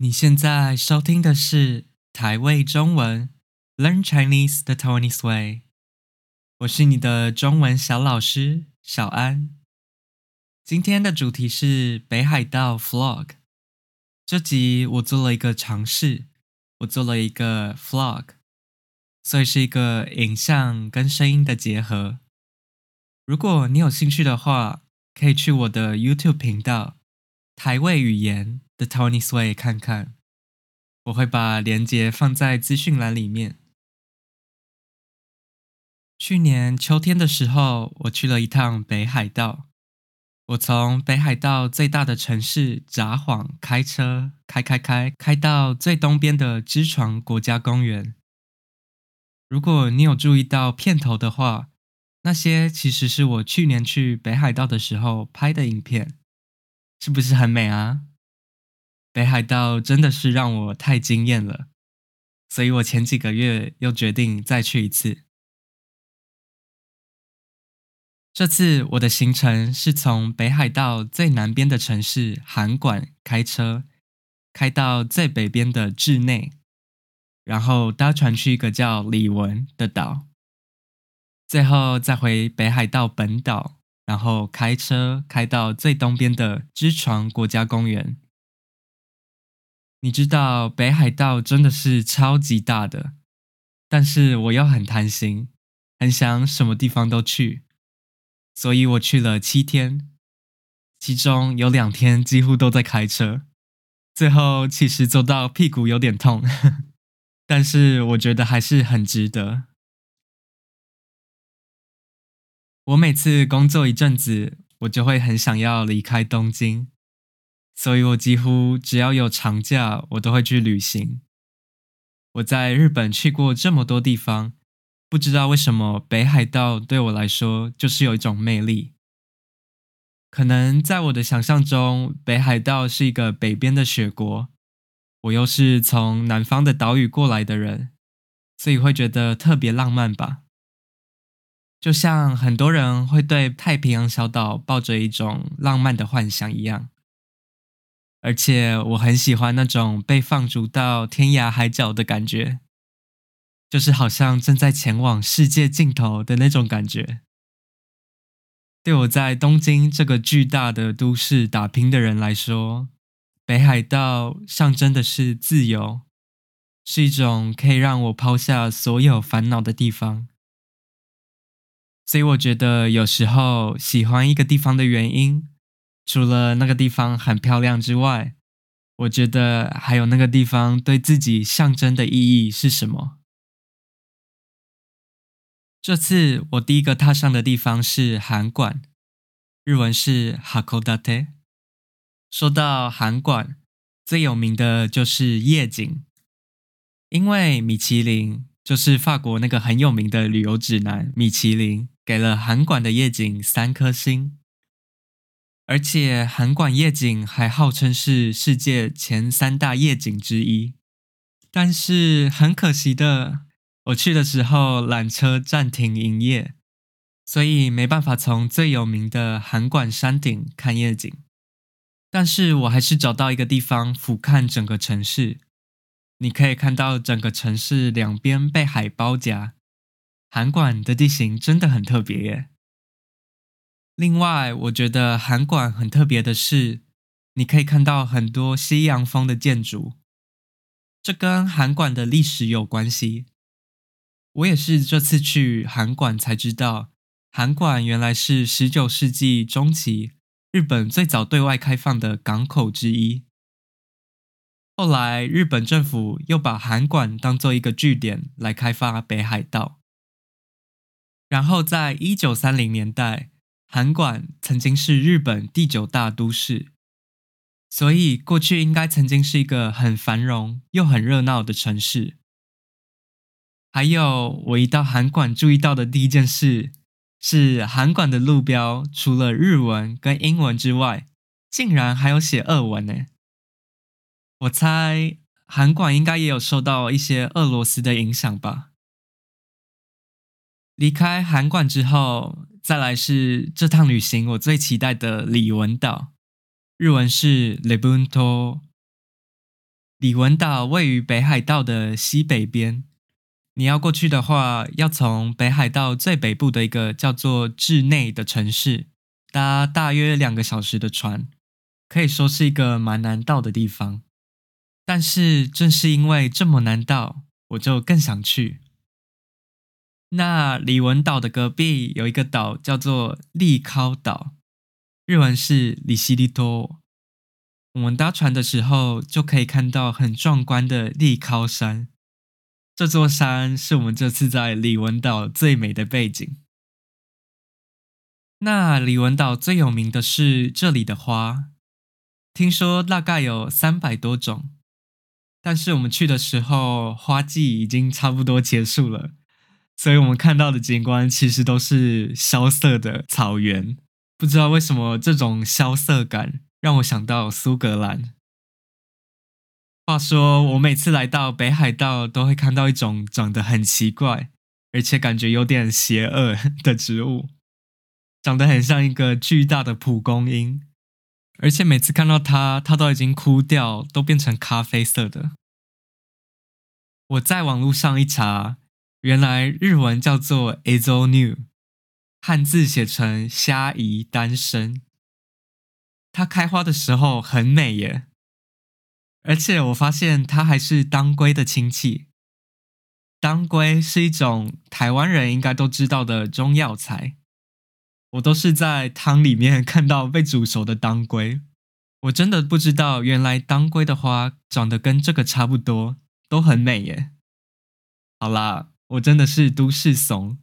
你現在收聽的是台味中文 Learn Chinese the Taiwanese Way，我是你的中文小老師小安。今天的主題是北海道 vlog。這集我做了一個嘗試，我做了一個 vlog，所以是一個影像跟聲音的結合。如果你有興趣的話，可以去我的 YouTube 頻道台味語言。The Taiwanese Way 看看，我會把鏈接放在資訊欄裡面。去年秋天的時候，我去了一趟北海道。我從北海道最大的城市札幌開車，開開開，開到最東邊的知床國家公園。如果你有注意到片頭的話，那些其實是我去年去北海道的時候拍的影片，是不是很美啊？北海道真的是讓我太驚艷了，所以我前幾個月又決定再去一次。這次我的行程是從北海道最南邊的城市函館開車，開到最北邊的稚內，然後搭船去一個叫禮文的島，最後再回北海道本島，然後開車開到最東邊的知床國家公園。你知道北海道真的是超級大的，但是我又很貪心，很想什麼地方都去，所以我去了七天，其中有兩天幾乎都在開車，最後其實坐到屁股有點痛，呵呵，但是我覺得還是很值得。我每次工作一陣子，我就會很想要離開東京。所以，我幾乎只要有長假，我都會去旅行。我在日本去過這麼多地方，不知道為什麼北海道對我來說就是有一種魅力。可能在我的想象中，北海道是一個北邊的雪國，我又是從南方的島嶼過來的人，所以會覺得特別浪漫吧。就像很多人會對太平洋小島抱着一種浪漫的幻想一樣。而且我很喜歡那種被放逐到天涯海角的感覺，就是好像正在前往世界盡頭的那種感覺。對我在東京這個巨大的都市打拼的人來說，北海道象徵的是自由，是一種可以讓我拋下所有煩惱的地方。所以我覺得有時候喜歡一個地方的原因，除了那個地方很漂亮之外，我覺得還有那個地方對自己象徵的意義是什麼？這次我第一個踏上的地方是函館，日文是 Hakodate。說到函館，最有名的就是夜景，因為米其林就是法國那個很有名的旅遊指南，米其林給了函館的夜景三顆星。而且，函館夜景還號稱是世界前三大夜景之一。但是很可惜的，我去的時候纜車暫停營業，所以沒辦法從最有名的函館山頂看夜景。但是我還是找到一個地方俯瞰整個城市，你可以看到整個城市兩邊被海包夾。函館的地形真的很特別耶。另外，我覺得函館很特別的是，你可以看到很多西洋風的建築，這跟函館的歷史有關係。我也是這次去函館才知道，函館原來是十九世紀中期日本最早對外開放的港口之一。後來，日本政府又把函館當做一個據點來開發北海道，然後在一九三零年代。函館曾經是日本第九大都市，所以過去應該曾經是一個很繁榮又很熱鬧的城市。還有，我一到函館注意到的第一件事是，函館的路標除了日文跟英文之外，竟然還有寫俄文。我猜函館應該也有受到一些俄羅斯的影響吧。離開函館之後，再來是這趟旅行我最期待的禮文島，日文是 Rebunto。禮文島位於北海道的西北邊，你要過去的話，要從北海道最北部的一個叫做稚內的城市，搭大約兩個小時的船，可以說是一個蠻難到的地方。但是正是因為這麼難到，我就更想去。那禮文島的隔壁有一個島叫做利尻島，日文是里西利多。我們搭船的時候就可以看到很壯觀的利尻山，這座山是我們這次在禮文島最美的背景。那禮文島最有名的是這裡的花，聽說大概有三百多種，但是我們去的時候花季已經差不多結束了。所以我們看到的景觀其實都是蕭瑟的草原，不知道為什麼這種蕭瑟感讓我想到蘇格蘭。話說，我每次來到北海道都會看到一種長得很奇怪，而且感覺有點邪惡的植物，長得很像一個巨大的蒲公英，而且每次看到它，它都已經枯掉，都變成咖啡色的。我在網路上一查。原來日文叫做 Azonu，漢字寫成蝦夷丹參」。它開花的時候很美耶，而且我發現它還是當歸的親戚。當歸是一種台灣人應該都知道的中藥材，我都是在湯裡面看到被煮熟的當歸。我真的不知道，原來當歸的花長得跟這個差不多，都很美耶。好啦。我真的是都市慫。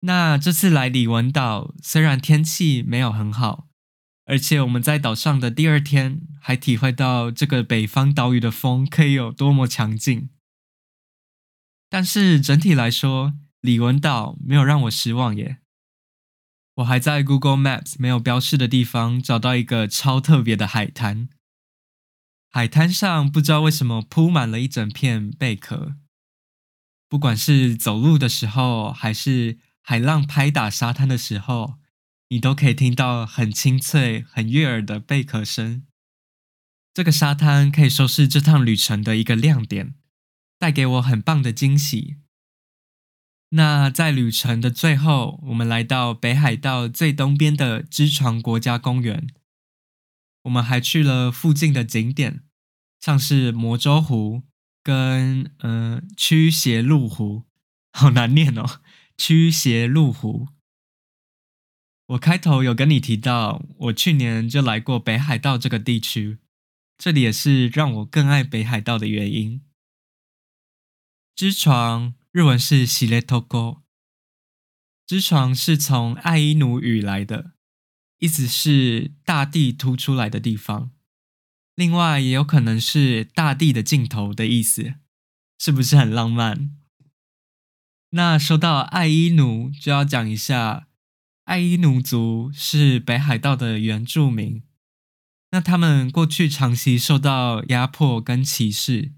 那這次來禮文島，雖然天氣沒有很好，而且我們在島上的第二天還體會到這個北方島嶼的風可以有多麼強勁，但是整體來說，禮文島沒有讓我失望耶。我還在 Google Maps 沒有標示的地方找到一個超特別的海灘。海灘上不知道為什麼鋪滿了一整片貝殼，不管是走路的時候，還是海浪拍打沙灘的時候，你都可以聽到很清脆、很悅耳的貝殼聲。這個沙灘可以說是這趟旅程的一個亮點，帶給我很棒的驚喜。那在旅程的最後，我們來到北海道最東邊的知床國家公園。我們還去了附近的景點，像是摩周湖跟嗯屈斜路湖，好難念哦，屈斜路湖。我開頭有跟你提到，我去年就來過北海道這個地區，這裡也是讓我更愛北海道的原因。知床日文是しれとこ，知床是從愛伊努語來的。意思是大地凸出來的地方，另外也有可能是大地的盡頭的意思，是不是很浪漫？那說到愛伊奴，就要講一下，愛伊奴族是北海道的原住民，那他們過去長期受到壓迫跟歧視，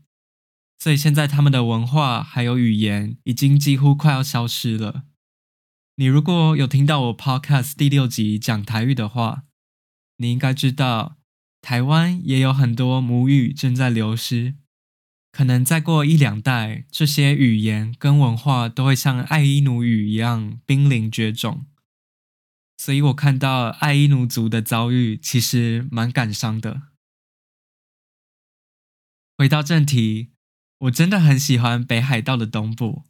所以現在他們的文化還有語言已經幾乎快要消失了。你如果有聽到我 Podcast 第六集講台語的話，你應該知道台灣也有很多母語正在流失，可能再過一兩代，這些語言跟文化都會像愛伊奴語一樣瀕臨絕種。所以我看到愛伊奴族的遭遇，其實蠻感傷的。回到正題，我真的很喜歡北海道的東部。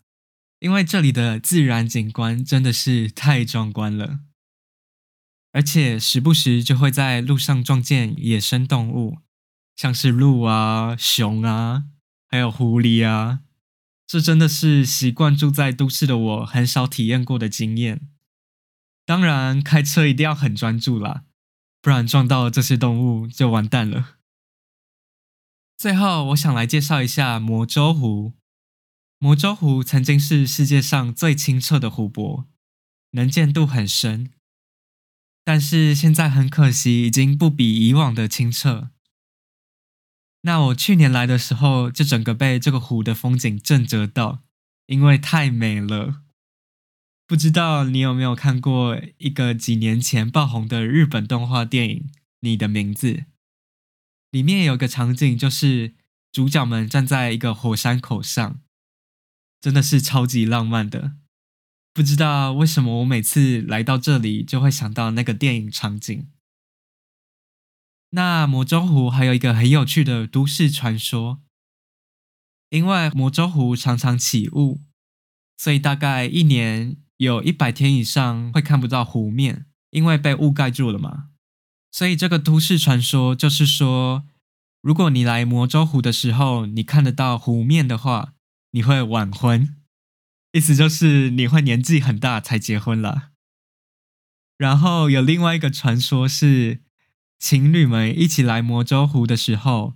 因為這裡的自然景觀真的是太壯觀了，而且時不時就會在路上撞見野生動物，像是鹿啊、熊啊，還有狐狸啊。這真的是習慣住在都市的我很少體驗過的經驗。當然，開車一定要很專注啦，不然撞到這些動物就完蛋了。最後，我想來介紹一下摩周湖。摩周湖曾經是世界上最清澈的湖泊，能見度很深。但是現在很可惜，已經不比以往的清澈。那我去年來的時候，就整個被這個湖的風景震懾到，因為太美了。不知道你有沒有看過一個幾年前爆紅的日本動畫電影《你的名字》，裡面有個場景，就是主角們站在一個火山口上。真的是超級浪漫的，不知道為什麼我每次來到這裡就會想到那個電影場景。那摩周湖還有一個很有趣的都市傳說，因為摩周湖常常起霧，所以大概一年有一百天以上會看不到湖面，因為被霧蓋住了嘛。所以這個都市傳說就是說，如果你來摩周湖的時候，你看得到湖面的話，你會晚婚，意思就是你會年紀很大才結婚了。然後有另外一個傳說是，是情侶們一起來摩周湖的時候，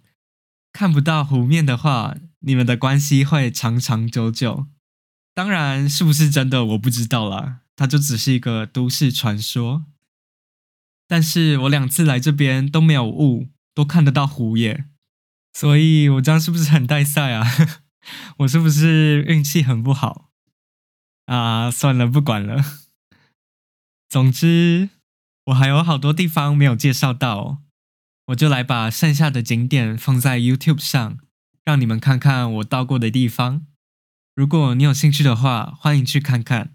看不到湖面的話，你們的關係會長長久久。當然是不是真的，我不知道啦，它就只是一個都市傳說。但是我兩次來這邊都沒有霧，都看得到湖耶，所以我這樣是不是很帶賽啊？ 我是不是運氣很不好啊？Uh, 算了，不管了。總之，我還有好多地方沒有介紹到哦，我就來把剩下的景點放在 YouTube 上，讓你們看看我到過的地方。如果你有興趣的話，歡迎去看看。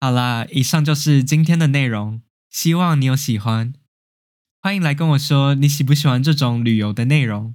好啦，以上就是今天的內容，希望你有喜歡。歡迎來跟我說你喜不喜歡這種旅遊的內容。